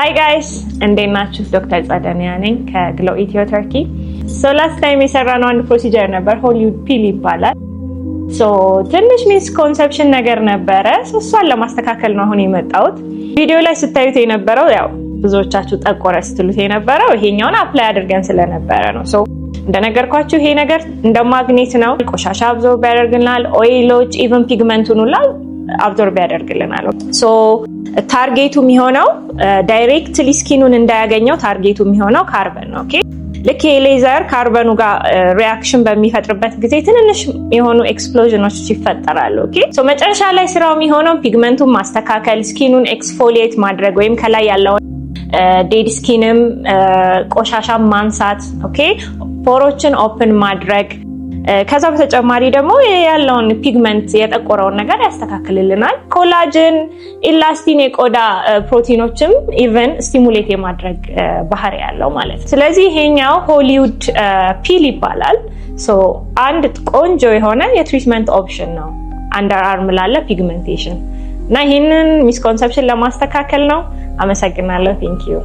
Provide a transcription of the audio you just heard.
ሀይ ጋይስ እንዴት ናችሁ? ዶክተር ጸደኒያ ነኝ ከግሎ ኢትዮ ተርኪ። ሶ ላስት ታይም የሰራነው አንድ ፕሮሲጀር ነበር፣ ሆሊውድ ፒል ይባላል። ሶ ትንሽ ሚስ ኮንሰፕሽን ነገር ነበረ። እሷን ለማስተካከል ነው አሁን የመጣሁት። ቪዲዮ ላይ ስታዩት የነበረው ያው ብዙዎቻችሁ ጠቆረ ስትሉት የነበረው ይሄኛውን አፕላይ አድርገን ስለነበረ ነው። ሶ እንደነገርኳችሁ ይሄ ነገር እንደ ማግኔት ነው። ቆሻሻ አብዞ ያደርግናል። ኦይሎች ኢቨን ፒግመንቱን ሁላ አብዞርብ ያደርግልናል። ሶ ታርጌቱ የሚሆነው ዳይሬክትሊ uh, ስኪኑን እንዳያገኘው ታርጌቱ የሚሆነው ካርበን ነው። ኦኬ ልክ የሌዘር ካርበኑ ጋር ሪያክሽን uh, በሚፈጥርበት ጊዜ ትንንሽ የሆኑ ኤክስፕሎዥኖች ይፈጠራሉ። መጨረሻ ላይ ስራው የሚሆነው ፒግመንቱን ማስተካከል፣ ስኪኑን ኤክስፎሊየት ማድረግ ወይም ከላይ ያለውን ዴድ ስኪንም ቆሻሻ ማንሳት፣ ፖሮችን ኦፕን ማድረግ ከዛ በተጨማሪ ደግሞ ያለውን ፒግመንት የጠቆረውን ነገር ያስተካክልልናል። ኮላጅን፣ ኢላስቲን የቆዳ ፕሮቲኖችም ኢቨን ስቲሙሌት የማድረግ ባህሪ ያለው ማለት ነው። ስለዚህ ይሄኛው ሆሊውድ ፒል ይባላል። አንድ ቆንጆ የሆነ የትሪትመንት ኦፕሽን ነው አንደር አርም ላለ ፒግመንቴሽን እና ይህንን ሚስኮንሰፕሽን ለማስተካከል ነው። አመሰግናለሁ። ቴንኪዩ